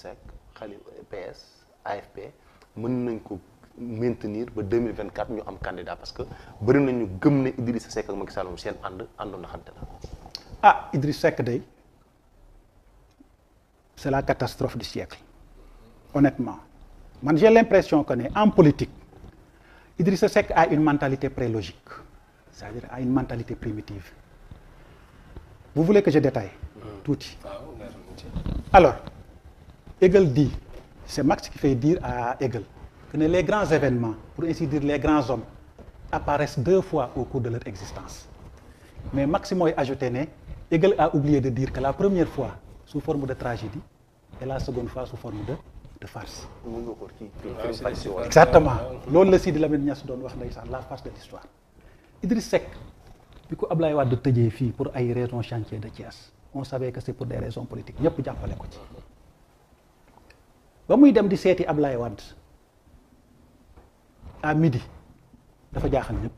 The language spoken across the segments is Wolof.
sec xalif PS AFP mën nañ ko maintenir ba 2024 ñu am candidat parce que bëri ñu gëm ne Idrissa Seck ak Macky Sall moom seen ànd àndu naxante la ah Idrissa Seck day c'est la catastrophe du siècle honnêtement man j'ai l'impression que ne en politique Idrissa Seck a une mentalité prélogique c'est-à-dire a une mentalité primitive vous voulez que je détaille hmm. tuuti alors Hegel dit c'est Marx qui fait dire à Hegel que les grands événements pour ainsi dire les grands hommes apparaissent deux fois au cours de leur existence mais Marx mooy ajouté ne Hegel a oublié de dire que la première fois sous forme de tragédie et la seconde fois sous forme de de farce. Ah, exactement loolu la Sidi Lamine Niass doon wax sax la farce de l'histoire Idriss bi ko Ablaye Wade tëjee fii pour ay raisons chantier de Thiès on savait que c'est pour des raisons politiques ñëpp jàppale ko ci ba muy dem di seeti Ablaye Wade à midi dafa jaaxal ñëpp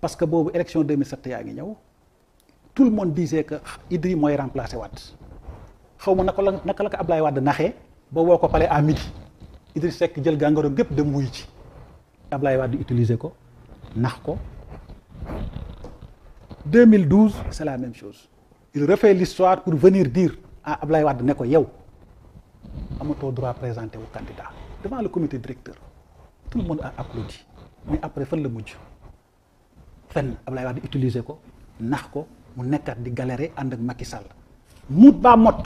parce que boobu élection 2007 yaa ngi ñëw tout le mone disait que Idri mooy remplacer Wade xaw ma naka la naka la ko Ablaye Wade naxee ba woo ko pale à midi Idri Seck jël gàngaro gépp dem wuyu ci Ablaye Wade utiliser ko nax ko 2012 c'est la même chose il refait l'histoire pour venir dire à Ablaye Wade ne ko yow amatoo droit présenté wu candidat devant le comité directeur tout le monde a applaudi mais après fan la mujj fenn Ablaye Wade utiliser ko nax ko mu nekkaat di galérer ànd ak Macky Sall mut baa mott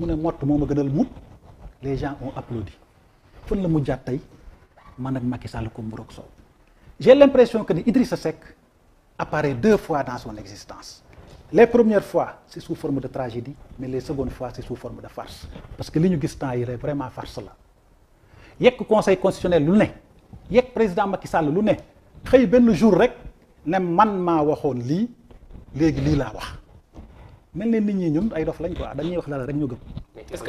mu ne mot moo ma gënal mut les on ont applaudi fan la mujjaat tey man ak Macky ko Mburok Sow j'ai l'impression que ni Idrissa Seck apparaît deux fois dans son existence les premières fois c'est sous forme de tragédie mais les secondes fois c'est sous forme de farce parce que li ñu gis temps yi rek vraiment farce la yekk conseil constitutionnel lu ne yekk président Macky lu ne xëy benn jour rek ne man maa waxoon lii léegi lii laa wax mel ne nit ñi ñun ay dof lañ quoi dañuy wax dara rek ñu gëm. est-ce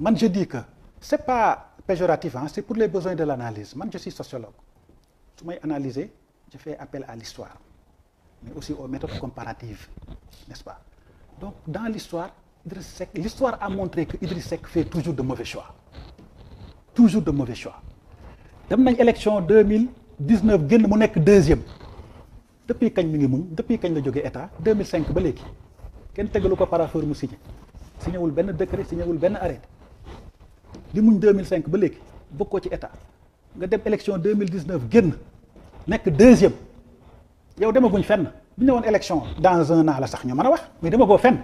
man je que c'est pas. péjoratif hein c'est pour les besoins de l'analyse man je suis sociologue su may analyser je fais appel à l'histoire mais aussi aux méthodes comparatives n'est-ce pas donc dans l'histoire Idriss Seck l'histoire a montré que Idriss Seck fait toujours de mauvais choix toujours de mauvais choix dem nañ élection 2019 génn mu nekk deuxième depuis kañ mu ngi muñ depuis kañ la jógee état 2005 ba léegi kenn tegalu ko parapheur mu signé signéwul benn décret signéwul benn arrêté di muñ 2005 ba léegi bokkoo ci état nga dem élection 2019 génn nekk deuxième yow demaguñ fenn bu ñu woon élection dans un an la sax ñu mën a wax mais demagoo fenn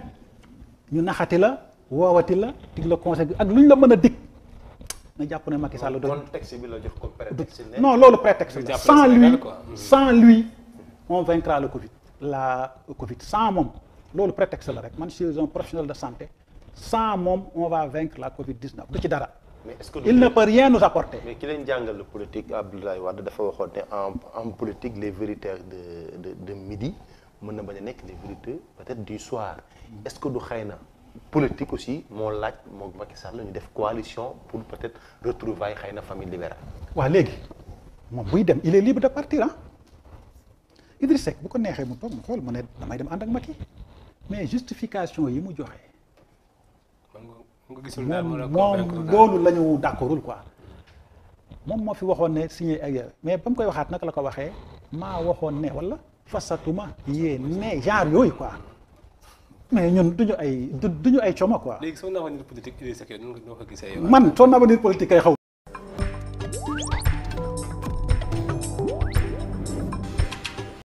ñu naxati la woowati la dig la conseil ak lu ñu la mën a dikk nga jàpp ne Macky Sall. doon texte bi la jox comme prétexte. non loolu prétexte la sans lui hmm. sans lui on vaincra le Covid la Covid sans moom loolu prétexte la rek man je suis un de santé. sant moom on va vaincre la Covid 19 du ci dara. mais est que il ne par rien nous apporter. mais ki leen jàngal politique Abdoulaye Wade dafa waxoon ne en en politique les vérités de de de midi mën na bañ a nekk les vérités peut-être du soir est-ce que du xëy na politique aussi moo laaj moom Macky Sall ñu def coalition pour peut-être retrouver xëy na famille libérale. waaw léegi moom buy dem il est libre de partir ah Idriss Seck bu ko neexee mu toog mu xool mu ne damay dem ànd ak Macky mais justification yi mu joxe. moom moom loolu la ñu d'accordul quoi moom moo fi waxoon ne signé ak yow mais ba mu koy waxaat naka la ko waxee maa waxoon ne wala fasatuma yee ne genre yooyu quoi mais ñun duñu ay ay coomo quoi. léegi son avenir politique man son avenir politique kay xaw